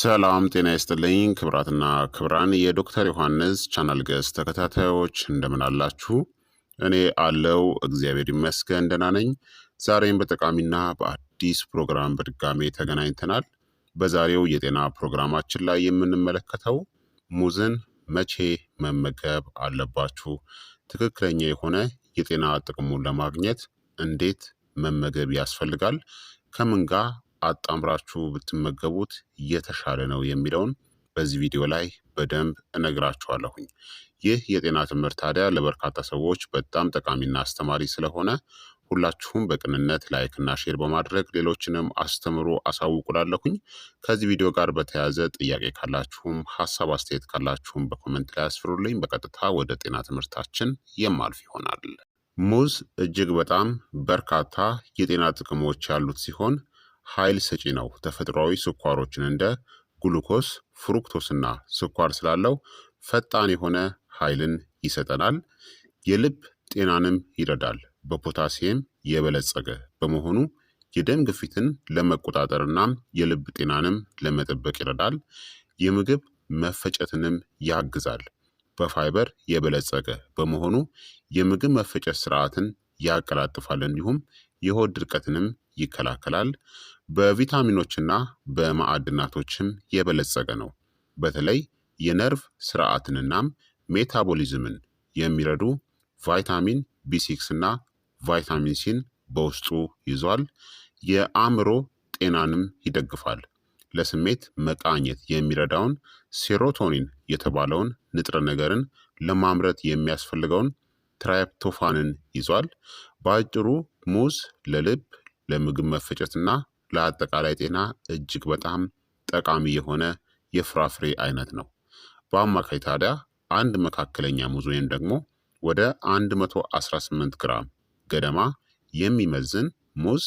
ሰላም ጤና ይስጥልኝ ክብራትና ክብራን የዶክተር ዮሐንስ ቻናል ገስ ተከታታዮች እንደምን አላችሁ? እኔ አለው እግዚአብሔር ይመስገን ደህና ነኝ። ዛሬም በጠቃሚና በአዲስ ፕሮግራም በድጋሜ ተገናኝተናል። በዛሬው የጤና ፕሮግራማችን ላይ የምንመለከተው ሙዝን መቼ መመገብ አለባችሁ፣ ትክክለኛ የሆነ የጤና ጥቅሙን ለማግኘት እንዴት መመገብ ያስፈልጋል፣ ከምን ጋር አጣምራችሁ ብትመገቡት የተሻለ ነው የሚለውን በዚህ ቪዲዮ ላይ በደንብ እነግራችኋለሁኝ። ይህ የጤና ትምህርት ታዲያ ለበርካታ ሰዎች በጣም ጠቃሚና አስተማሪ ስለሆነ ሁላችሁም በቅንነት ላይክና ሼር በማድረግ ሌሎችንም አስተምሩ አሳውቁላለሁኝ። ከዚህ ቪዲዮ ጋር በተያያዘ ጥያቄ ካላችሁም ሀሳብ አስተያየት ካላችሁም በኮመንት ላይ አስፍሩልኝ። በቀጥታ ወደ ጤና ትምህርታችን የማልፍ ይሆናል። ሙዝ እጅግ በጣም በርካታ የጤና ጥቅሞች ያሉት ሲሆን ኃይል ሰጪ ነው። ተፈጥሯዊ ስኳሮችን እንደ ግሉኮስ፣ ፍሩክቶስና ስኳር ስላለው ፈጣን የሆነ ኃይልን ይሰጠናል። የልብ ጤናንም ይረዳል። በፖታሲየም የበለጸገ በመሆኑ የደም ግፊትን ለመቆጣጠርና የልብ ጤናንም ለመጠበቅ ይረዳል። የምግብ መፈጨትንም ያግዛል። በፋይበር የበለጸገ በመሆኑ የምግብ መፈጨት ስርዓትን ያቀላጥፋል። እንዲሁም የሆድ ድርቀትንም ይከላከላል። በቪታሚኖችና በማዕድናቶችም የበለጸገ ነው። በተለይ የነርቭ ስርዓትንናም ሜታቦሊዝምን የሚረዱ ቫይታሚን ቢሲክስ እና ቫይታሚን ሲን በውስጡ ይዟል። የአእምሮ ጤናንም ይደግፋል። ለስሜት መቃኘት የሚረዳውን ሴሮቶኒን የተባለውን ንጥረ ነገርን ለማምረት የሚያስፈልገውን ትራይፕቶፋንን ይዟል። በአጭሩ ሙዝ ለልብ ለምግብ መፈጨትና ለአጠቃላይ ጤና እጅግ በጣም ጠቃሚ የሆነ የፍራፍሬ አይነት ነው። በአማካይ ታዲያ አንድ መካከለኛ ሙዝ ወይም ደግሞ ወደ 118 ግራም ገደማ የሚመዝን ሙዝ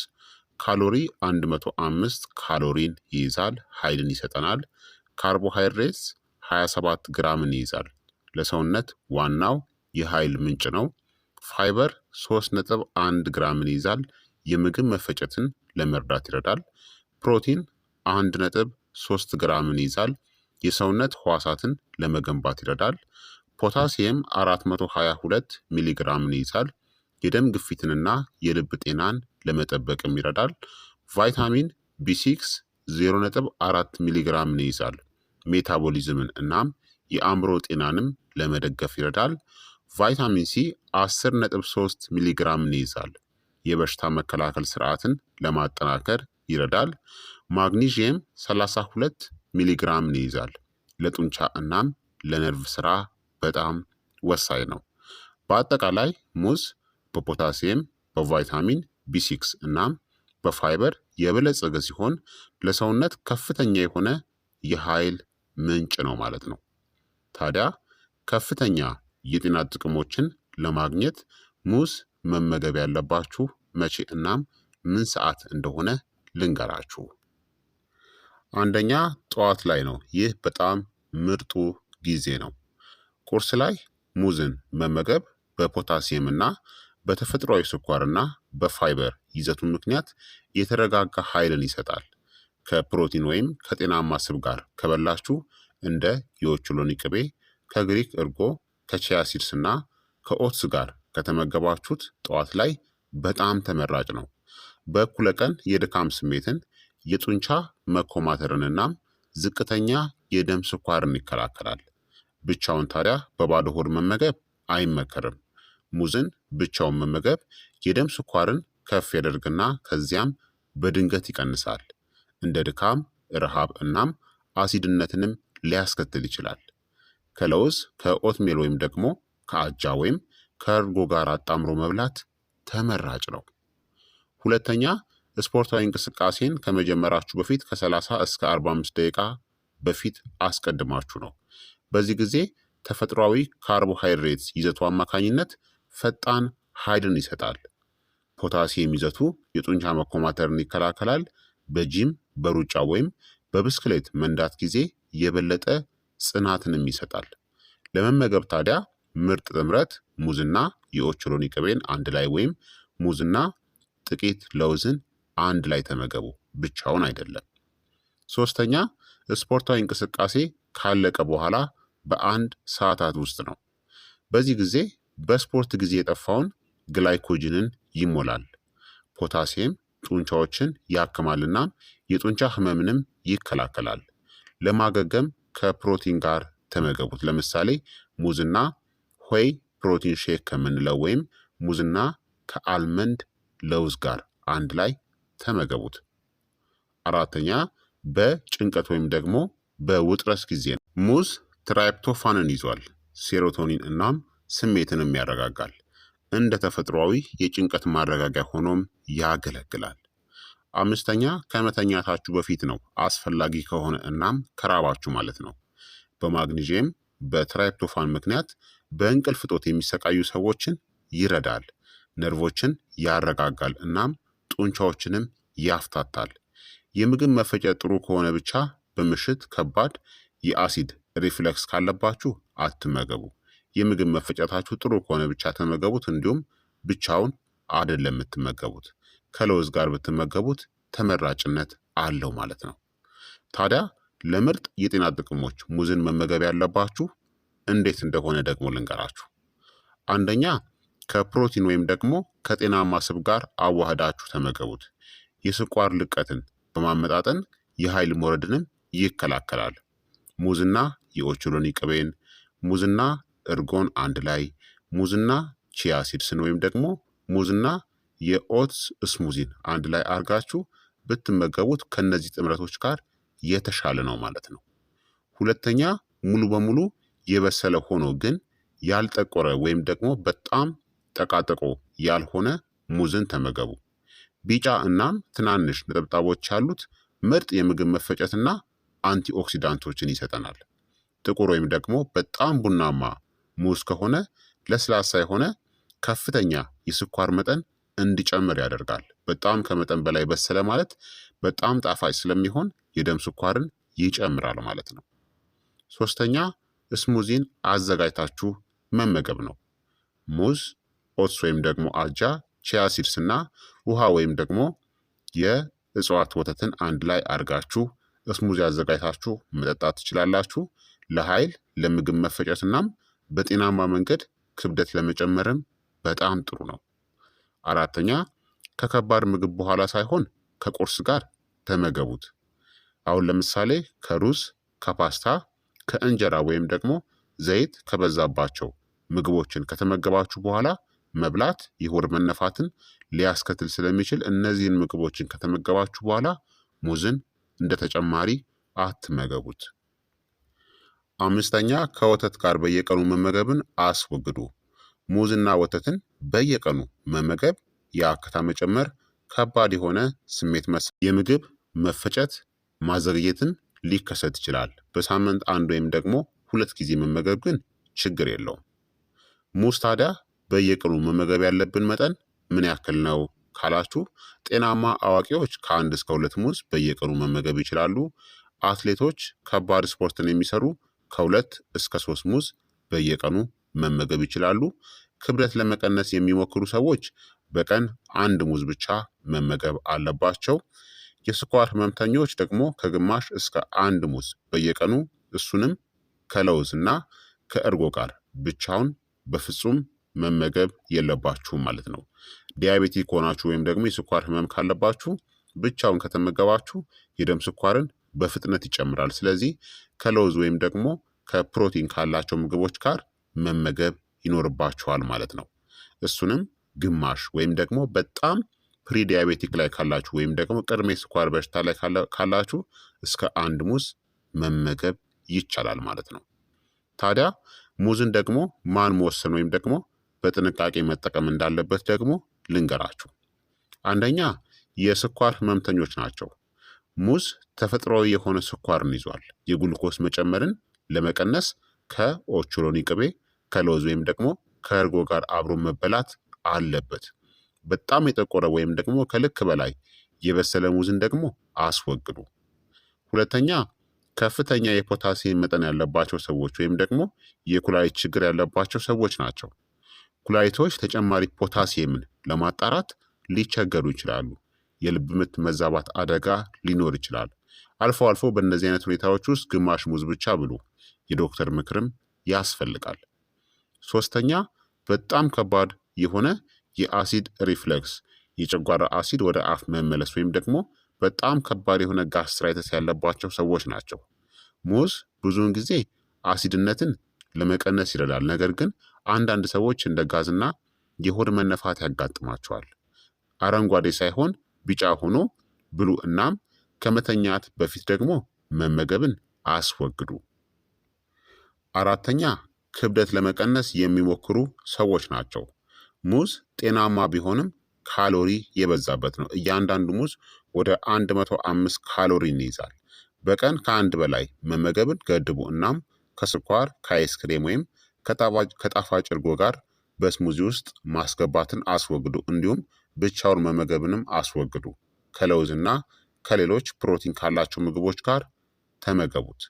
ካሎሪ 105 ካሎሪን ይይዛል፣ ኃይልን ይሰጠናል። ካርቦሃይድሬትስ 27 ግራምን ይይዛል፣ ለሰውነት ዋናው የኃይል ምንጭ ነው። ፋይበር 3.1 ግራምን ይይዛል የምግብ መፈጨትን ለመርዳት ይረዳል። ፕሮቲን አንድ ነጥብ ሶስት ግራምን ይይዛል። የሰውነት ህዋሳትን ለመገንባት ይረዳል። ፖታሲየም 422 ሚሊግራምን ይይዛል። የደም ግፊትንና የልብ ጤናን ለመጠበቅም ይረዳል። ቫይታሚን ቢ6 0.4 ሚሊግራምን ይይዛል። ሜታቦሊዝምን እናም የአእምሮ ጤናንም ለመደገፍ ይረዳል። ቫይታሚን ሲ 10.3 ሚሊግራምን ይይዛል። የበሽታ መከላከል ስርዓትን ለማጠናከር ይረዳል። ማግኒዥየም 32 ሚሊግራምን ይይዛል። ለጡንቻ እናም ለነርቭ ስራ በጣም ወሳኝ ነው። በአጠቃላይ ሙዝ በፖታሲየም፣ በቫይታሚን ቢ6 እናም በፋይበር የበለጸገ ሲሆን ለሰውነት ከፍተኛ የሆነ የኃይል ምንጭ ነው ማለት ነው። ታዲያ ከፍተኛ የጤና ጥቅሞችን ለማግኘት ሙዝ መመገብ ያለባችሁ መቼ እናም ምን ሰዓት እንደሆነ ልንገራችሁ። አንደኛ ጠዋት ላይ ነው። ይህ በጣም ምርጡ ጊዜ ነው። ቁርስ ላይ ሙዝን መመገብ በፖታሲየም እና በተፈጥሯዊ ስኳርና በፋይበር ይዘቱ ምክንያት የተረጋጋ ኃይልን ይሰጣል። ከፕሮቲን ወይም ከጤናማ ስብ ጋር ከበላችሁ እንደ የኦቾሎኒ ቅቤ ከግሪክ እርጎ ከቺያ እና ከኦትስ ጋር ከተመገባችሁት ጠዋት ላይ በጣም ተመራጭ ነው። በእኩለ ቀን የድካም ስሜትን፣ የጡንቻ መኮማተርንናም ዝቅተኛ የደም ስኳርን ይከላከላል። ብቻውን ታዲያ በባዶ ሆድ መመገብ አይመከርም። ሙዝን ብቻውን መመገብ የደም ስኳርን ከፍ ያደርግና ከዚያም በድንገት ይቀንሳል። እንደ ድካም፣ ረሃብ እናም አሲድነትንም ሊያስከትል ይችላል። ከለውዝ ከኦትሜል ወይም ደግሞ ከአጃ ወይም ከእርጎ ጋር አጣምሮ መብላት ተመራጭ ነው። ሁለተኛ ስፖርታዊ እንቅስቃሴን ከመጀመራችሁ በፊት ከ30 እስከ 45 ደቂቃ በፊት አስቀድማችሁ ነው። በዚህ ጊዜ ተፈጥሯዊ ካርቦሃይድሬትስ ይዘቱ አማካኝነት ፈጣን ኃይልን ይሰጣል። ፖታሲየም ይዘቱ የጡንቻ መኮማተርን ይከላከላል። በጂም በሩጫ ወይም በብስክሌት መንዳት ጊዜ የበለጠ ጽናትንም ይሰጣል። ለመመገብ ታዲያ ምርጥ ጥምረት ሙዝና የኦቾሎኒ ቅቤን አንድ ላይ ወይም ሙዝና ጥቂት ለውዝን አንድ ላይ ተመገቡ፣ ብቻውን አይደለም። ሶስተኛ ስፖርታዊ እንቅስቃሴ ካለቀ በኋላ በአንድ ሰዓታት ውስጥ ነው። በዚህ ጊዜ በስፖርት ጊዜ የጠፋውን ግላይኮጅንን ይሞላል። ፖታሲየም ጡንቻዎችን ያክማልና የጡንቻ ህመምንም ይከላከላል። ለማገገም ከፕሮቲን ጋር ተመገቡት። ለምሳሌ ሙዝና ሆይ ፕሮቲን ሼክ ከምንለው ወይም ሙዝና ከአልመንድ ለውዝ ጋር አንድ ላይ ተመገቡት። አራተኛ በጭንቀት ወይም ደግሞ በውጥረት ጊዜ ነው። ሙዝ ትራይፕቶፋንን ይዟል። ሴሮቶኒን እናም ስሜትንም ያረጋጋል። እንደ ተፈጥሯዊ የጭንቀት ማረጋጊያ ሆኖም ያገለግላል። አምስተኛ ከመተኛታችሁ በፊት ነው፣ አስፈላጊ ከሆነ እናም ከራባችሁ ማለት ነው። በማግኒዥየም በትራይፕቶፋን ምክንያት በእንቅልፍ እጦት የሚሰቃዩ ሰዎችን ይረዳል። ነርቮችን ያረጋጋል እናም ጡንቻዎችንም ያፍታታል። የምግብ መፈጨት ጥሩ ከሆነ ብቻ በምሽት ከባድ የአሲድ ሪፍለክስ ካለባችሁ አትመገቡ። የምግብ መፈጨታችሁ ጥሩ ከሆነ ብቻ ተመገቡት። እንዲሁም ብቻውን አይደለም የምትመገቡት፣ ከለውዝ ጋር ብትመገቡት ተመራጭነት አለው ማለት ነው። ታዲያ ለምርጥ የጤና ጥቅሞች ሙዝን መመገብ ያለባችሁ እንዴት እንደሆነ ደግሞ ልንገራችሁ። አንደኛ ከፕሮቲን ወይም ደግሞ ከጤናማ ስብ ጋር አዋህዳችሁ ተመገቡት። የስኳር ልቀትን በማመጣጠን የኃይል መውረድንም ይከላከላል። ሙዝና የኦቾሎኒ ቅቤን፣ ሙዝና እርጎን አንድ ላይ፣ ሙዝና ቺያ ሲድስን ወይም ደግሞ ሙዝና የኦትስ ስሙዚን አንድ ላይ አርጋችሁ ብትመገቡት ከነዚህ ጥምረቶች ጋር የተሻለ ነው ማለት ነው። ሁለተኛ ሙሉ በሙሉ የበሰለ ሆኖ ግን ያልጠቆረ ወይም ደግሞ በጣም ጠቃጠቆ ያልሆነ ሙዝን ተመገቡ። ቢጫ እናም ትናንሽ ነጠብጣቦች ያሉት ምርጥ የምግብ መፈጨትና አንቲኦክሲዳንቶችን ይሰጠናል። ጥቁር ወይም ደግሞ በጣም ቡናማ ሙዝ ከሆነ ለስላሳ የሆነ ከፍተኛ የስኳር መጠን እንዲጨምር ያደርጋል። በጣም ከመጠን በላይ በሰለ ማለት በጣም ጣፋጭ ስለሚሆን የደም ስኳርን ይጨምራል ማለት ነው። ሶስተኛ ስሙዚን አዘጋጅታችሁ መመገብ ነው። ሙዝ፣ ኦትስ ወይም ደግሞ አጃ፣ ቺያ ሲድስ እና ውሃ ወይም ደግሞ የእጽዋት ወተትን አንድ ላይ አድርጋችሁ ስሙዚ አዘጋጅታችሁ መጠጣት ትችላላችሁ። ለኃይል ለምግብ መፈጨት እናም በጤናማ መንገድ ክብደት ለመጨመርም በጣም ጥሩ ነው። አራተኛ ከከባድ ምግብ በኋላ ሳይሆን ከቁርስ ጋር ተመገቡት። አሁን ለምሳሌ ከሩዝ ከፓስታ ከእንጀራ ወይም ደግሞ ዘይት ከበዛባቸው ምግቦችን ከተመገባችሁ በኋላ መብላት የሆድ መነፋትን ሊያስከትል ስለሚችል እነዚህን ምግቦችን ከተመገባችሁ በኋላ ሙዝን እንደ ተጨማሪ አትመገቡት። አምስተኛ ከወተት ጋር በየቀኑ መመገብን አስወግዱ። ሙዝና ወተትን በየቀኑ መመገብ የአከታ መጨመር፣ ከባድ የሆነ ስሜት መስ የምግብ መፈጨት ማዘግየትን ሊከሰት ይችላል። በሳምንት አንድ ወይም ደግሞ ሁለት ጊዜ መመገብ ግን ችግር የለውም። ሙዝ ታዲያ በየቀኑ መመገብ ያለብን መጠን ምን ያክል ነው ካላችሁ፣ ጤናማ አዋቂዎች ከአንድ እስከ ሁለት ሙዝ በየቀኑ መመገብ ይችላሉ። አትሌቶች፣ ከባድ ስፖርትን የሚሰሩ ከሁለት እስከ ሶስት ሙዝ በየቀኑ መመገብ ይችላሉ። ክብደት ለመቀነስ የሚሞክሩ ሰዎች በቀን አንድ ሙዝ ብቻ መመገብ አለባቸው። የስኳር ህመምተኞች ደግሞ ከግማሽ እስከ አንድ ሙዝ በየቀኑ እሱንም ከለውዝ እና ከእርጎ ጋር ብቻውን በፍጹም መመገብ የለባችሁ ማለት ነው። ዲያቤቲ ከሆናችሁ ወይም ደግሞ የስኳር ህመም ካለባችሁ ብቻውን ከተመገባችሁ የደም ስኳርን በፍጥነት ይጨምራል። ስለዚህ ከለውዝ ወይም ደግሞ ከፕሮቲን ካላቸው ምግቦች ጋር መመገብ ይኖርባችኋል ማለት ነው። እሱንም ግማሽ ወይም ደግሞ በጣም ፕሪዲያቤቲክ ላይ ካላችሁ ወይም ደግሞ ቅድሜ ስኳር በሽታ ላይ ካላችሁ እስከ አንድ ሙዝ መመገብ ይቻላል ማለት ነው። ታዲያ ሙዝን ደግሞ ማን መወሰን ወይም ደግሞ በጥንቃቄ መጠቀም እንዳለበት ደግሞ ልንገራችሁ። አንደኛ የስኳር ህመምተኞች ናቸው። ሙዝ ተፈጥሯዊ የሆነ ስኳርን ይዟል። የጉልኮስ መጨመርን ለመቀነስ ከኦቾሎኒ ቅቤ፣ ከሎዝ ወይም ደግሞ ከእርጎ ጋር አብሮ መበላት አለበት። በጣም የጠቆረ ወይም ደግሞ ከልክ በላይ የበሰለ ሙዝን ደግሞ አስወግዱ። ሁለተኛ ከፍተኛ የፖታሲየም መጠን ያለባቸው ሰዎች ወይም ደግሞ የኩላሊት ችግር ያለባቸው ሰዎች ናቸው። ኩላሊቶች ተጨማሪ ፖታሲየምን ለማጣራት ሊቸገሩ ይችላሉ። የልብ ምት መዛባት አደጋ ሊኖር ይችላል። አልፎ አልፎ በእነዚህ አይነት ሁኔታዎች ውስጥ ግማሽ ሙዝ ብቻ ብሉ። የዶክተር ምክርም ያስፈልጋል። ሶስተኛ በጣም ከባድ የሆነ የአሲድ ሪፍለክስ የጨጓራ አሲድ ወደ አፍ መመለስ ወይም ደግሞ በጣም ከባድ የሆነ ጋስትራይተስ ያለባቸው ሰዎች ናቸው። ሙዝ ብዙውን ጊዜ አሲድነትን ለመቀነስ ይረዳል። ነገር ግን አንዳንድ ሰዎች እንደ ጋዝና የሆድ መነፋት ያጋጥማቸዋል። አረንጓዴ ሳይሆን ቢጫ ሆኖ ብሉ። እናም ከመተኛት በፊት ደግሞ መመገብን አስወግዱ። አራተኛ ክብደት ለመቀነስ የሚሞክሩ ሰዎች ናቸው። ሙዝ ጤናማ ቢሆንም ካሎሪ የበዛበት ነው። እያንዳንዱ ሙዝ ወደ 105 ካሎሪን ይይዛል። በቀን ከአንድ በላይ መመገብን ገድቡ። እናም ከስኳር ከአይስክሬም ወይም ከጣፋጭ እርጎ ጋር በስሙዚ ውስጥ ማስገባትን አስወግዱ። እንዲሁም ብቻውን መመገብንም አስወግዱ። ከለውዝና ከሌሎች ፕሮቲን ካላቸው ምግቦች ጋር ተመገቡት።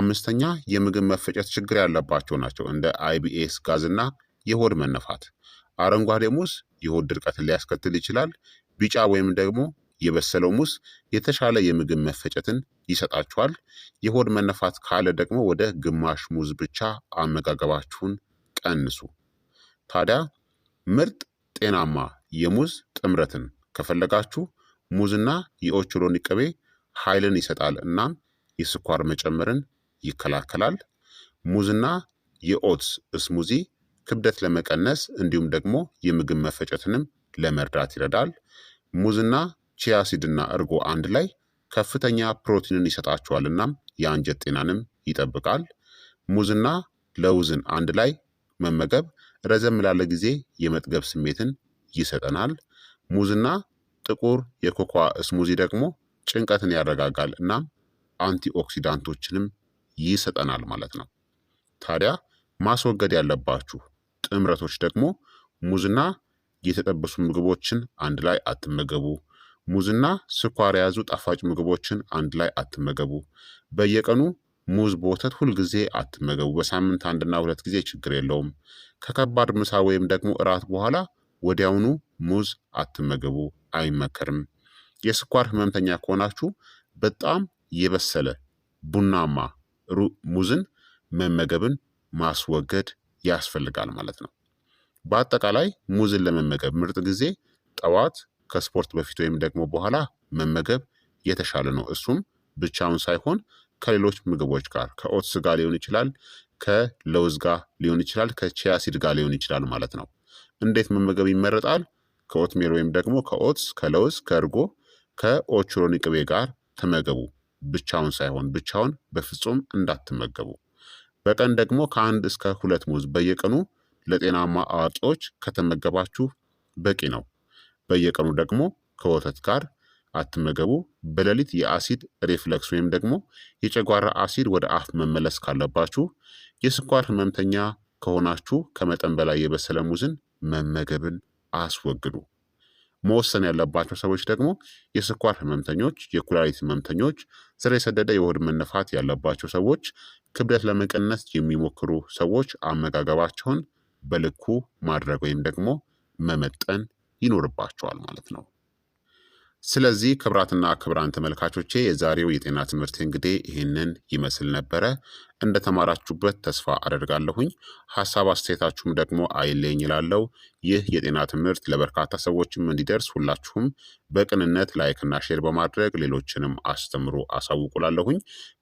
አምስተኛ የምግብ መፈጨት ችግር ያለባቸው ናቸው፣ እንደ አይቢኤስ፣ ጋዝና የሆድ መነፋት። አረንጓዴ ሙዝ የሆድ ድርቀትን ሊያስከትል ይችላል። ቢጫ ወይም ደግሞ የበሰለው ሙዝ የተሻለ የምግብ መፈጨትን ይሰጣችኋል። የሆድ መነፋት ካለ ደግሞ ወደ ግማሽ ሙዝ ብቻ አመጋገባችሁን ቀንሱ። ታዲያ ምርጥ ጤናማ የሙዝ ጥምረትን ከፈለጋችሁ ሙዝና የኦቾሎኒ ቅቤ ኃይልን ይሰጣል እናም የስኳር መጨመርን ይከላከላል። ሙዝና የኦትስ ስሙዚ ክብደት ለመቀነስ እንዲሁም ደግሞ የምግብ መፈጨትንም ለመርዳት ይረዳል። ሙዝና ቺያሲድና እርጎ አንድ ላይ ከፍተኛ ፕሮቲንን ይሰጣቸዋል እናም የአንጀት ጤናንም ይጠብቃል። ሙዝና ለውዝን አንድ ላይ መመገብ ረዘም ላለ ጊዜ የመጥገብ ስሜትን ይሰጠናል። ሙዝና ጥቁር የኮኳ እስሙዚ ደግሞ ጭንቀትን ያረጋጋል እናም አንቲኦክሲዳንቶችንም ይሰጠናል ማለት ነው። ታዲያ ማስወገድ ያለባችሁ ጥምረቶች ደግሞ ሙዝና የተጠበሱ ምግቦችን አንድ ላይ አትመገቡ። ሙዝና ስኳር የያዙ ጣፋጭ ምግቦችን አንድ ላይ አትመገቡ። በየቀኑ ሙዝ በወተት ሁልጊዜ አትመገቡ። በሳምንት አንድና ሁለት ጊዜ ችግር የለውም። ከከባድ ምሳ ወይም ደግሞ እራት በኋላ ወዲያውኑ ሙዝ አትመገቡ፣ አይመከርም። የስኳር ህመምተኛ ከሆናችሁ በጣም የበሰለ ቡናማ ሙዝን መመገብን ማስወገድ ያስፈልጋል ማለት ነው። በአጠቃላይ ሙዝን ለመመገብ ምርጥ ጊዜ ጠዋት ከስፖርት በፊት ወይም ደግሞ በኋላ መመገብ የተሻለ ነው። እሱም ብቻውን ሳይሆን ከሌሎች ምግቦች ጋር ከኦትስ ጋር ሊሆን ይችላል፣ ከለውዝ ጋር ሊሆን ይችላል፣ ከቺያሲድ ሲድ ጋር ሊሆን ይችላል ማለት ነው። እንዴት መመገብ ይመረጣል? ከኦትሜል ወይም ደግሞ ከኦትስ፣ ከለውዝ፣ ከእርጎ፣ ከኦቾሎኒ ቅቤ ጋር ተመገቡ። ብቻውን ሳይሆን ብቻውን በፍጹም እንዳትመገቡ። በቀን ደግሞ ከአንድ እስከ ሁለት ሙዝ በየቀኑ ለጤናማ አዋቂዎች ከተመገባችሁ በቂ ነው። በየቀኑ ደግሞ ከወተት ጋር አትመገቡ። በሌሊት የአሲድ ሪፍለክስ ወይም ደግሞ የጨጓራ አሲድ ወደ አፍ መመለስ ካለባችሁ፣ የስኳር ህመምተኛ ከሆናችሁ ከመጠን በላይ የበሰለ ሙዝን መመገብን አስወግዱ። መወሰን ያለባቸው ሰዎች ደግሞ የስኳር ህመምተኞች፣ የኩላሊት ህመምተኞች፣ ስር የሰደደ የሆድ መነፋት ያለባቸው ሰዎች፣ ክብደት ለመቀነስ የሚሞክሩ ሰዎች አመጋገባቸውን በልኩ ማድረግ ወይም ደግሞ መመጠን ይኖርባቸዋል ማለት ነው። ስለዚህ ክብራትና ክብራን ተመልካቾቼ የዛሬው የጤና ትምህርት እንግዲህ ይህንን ይመስል ነበረ። እንደተማራችሁበት ተስፋ አደርጋለሁኝ። ሀሳብ አስተያየታችሁም ደግሞ አይለኝ ይላለው። ይህ የጤና ትምህርት ለበርካታ ሰዎችም እንዲደርስ ሁላችሁም በቅንነት ላይክና ሼር በማድረግ ሌሎችንም አስተምሩ አሳውቁላለሁኝ።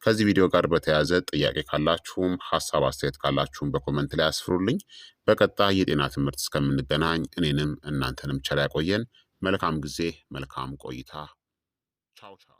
ከዚህ ቪዲዮ ጋር በተያያዘ ጥያቄ ካላችሁም ሀሳብ አስተያየት ካላችሁም በኮመንት ላይ አስፍሩልኝ። በቀጣይ የጤና ትምህርት እስከምንገናኝ እኔንም እናንተንም ቸር ያቆየን። መልካም ጊዜ፣ መልካም ቆይታ። ቻው ቻው።